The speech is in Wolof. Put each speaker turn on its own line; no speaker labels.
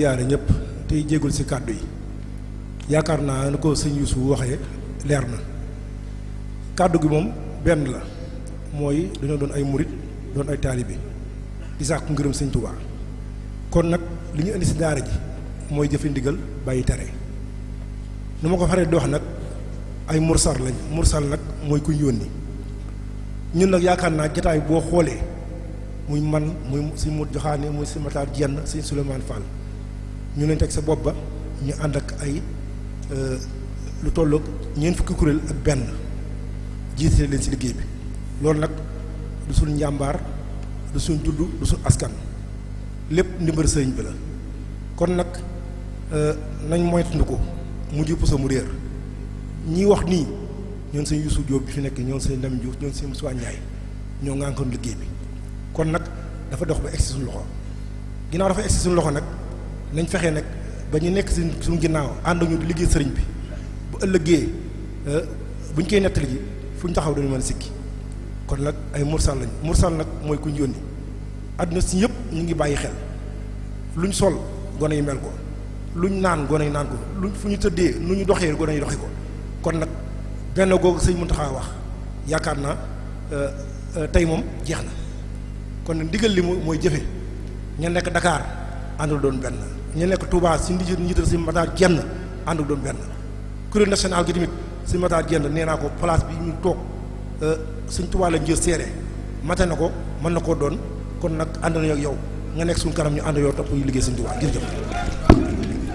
ziyaare ñëpp tey jéggul ci kàddu yi yaakaar naa na ko sëñ Yuusu waxe leer na kàddu gi moom benn la mooy dañoo doon ay murit doon ay taalibe di sàkku ngërëm sëñ Tuubaa kon nag li ñu indi si daara ji mooy jëfe ndigal bàyyi tere nu ma ko faree di nag ay mursal lañ mursal nag mooy kuñ yónni ñun nag yaakaar naa jataay boo xoolee muy man muy si mu joxaane muy si Matar Jenn si Souleymane Fall ñu ne teg sa bopp ba ñu ànd ak ay euh, lu tollook ñeent fukki kuréel ak benn jiite leen ci liggéey bi loolu nag du suñ njàmbaar du suñ judd du suñ askan lépp ndimbal sëriñ bi la kon nag euh, nañ moytandiku mu jub sa mu réer ñi wax nii ñoon seen Yuusu Jóob bi fi nekk ñoon seen Lam Diouf ñoon seen Moussa Ndiaye ñoo ngànkoon liggéey bi kon nag dafa dox ba egsi suñu loxo ginnaaw dafa egsi suñu loxo nag nañ fexe nag ba ñu nekk si suñu ginnaaw ànd ñu di liggéey sëriñ bi bu ëllëgee euh, bu ñu koy nettali ji fu ñu taxaw dañu mën a sikki kon nag ay mursal lañ mursal nag mooy ku ñu yónni àdduna si yëpp ñu ngi bàyyi xel luñ sol gone yi mel ko luñ naan gone yi naan ko ñu tëddee nu ñu doxee gone yi doxee ko kon nag benn googu sëñ Muntaxa wax yaakaar naa euh, euh, tey moom jeex na kon diggal li mooy jëfe ña nekk Dakar. àndul doon benn ñu nekk Touba si ndi njiital si Matar Jenn àndul doon benn kuréel national gi si Matar Jenn nee naa ko place bi ñu toog euh, suñ Touba la njër seere mate na ko mën na koo doon kon nag ànd na yow nga nekk suñu kanam ñu ànd yoo topp ñu liggéey suñ Touba jërëjëf